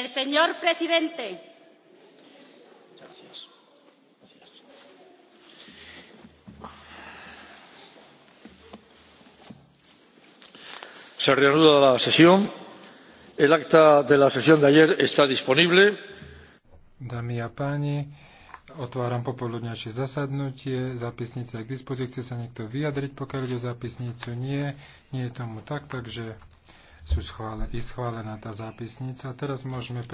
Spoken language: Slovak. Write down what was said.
El señor presidente. Gracias. Gracias. Se reanuda la sesión. El acta de la sesión de ayer está disponible. Dámy a páni, otváram popoludňajšie zasadnutie. Zápisnica je k dispozícii. Chce sa niekto vyjadriť, pokiaľ ide zapisnicu? Nie. Nie je tomu tak, takže sú schválené, je schválená tá zápisnica. Teraz môžeme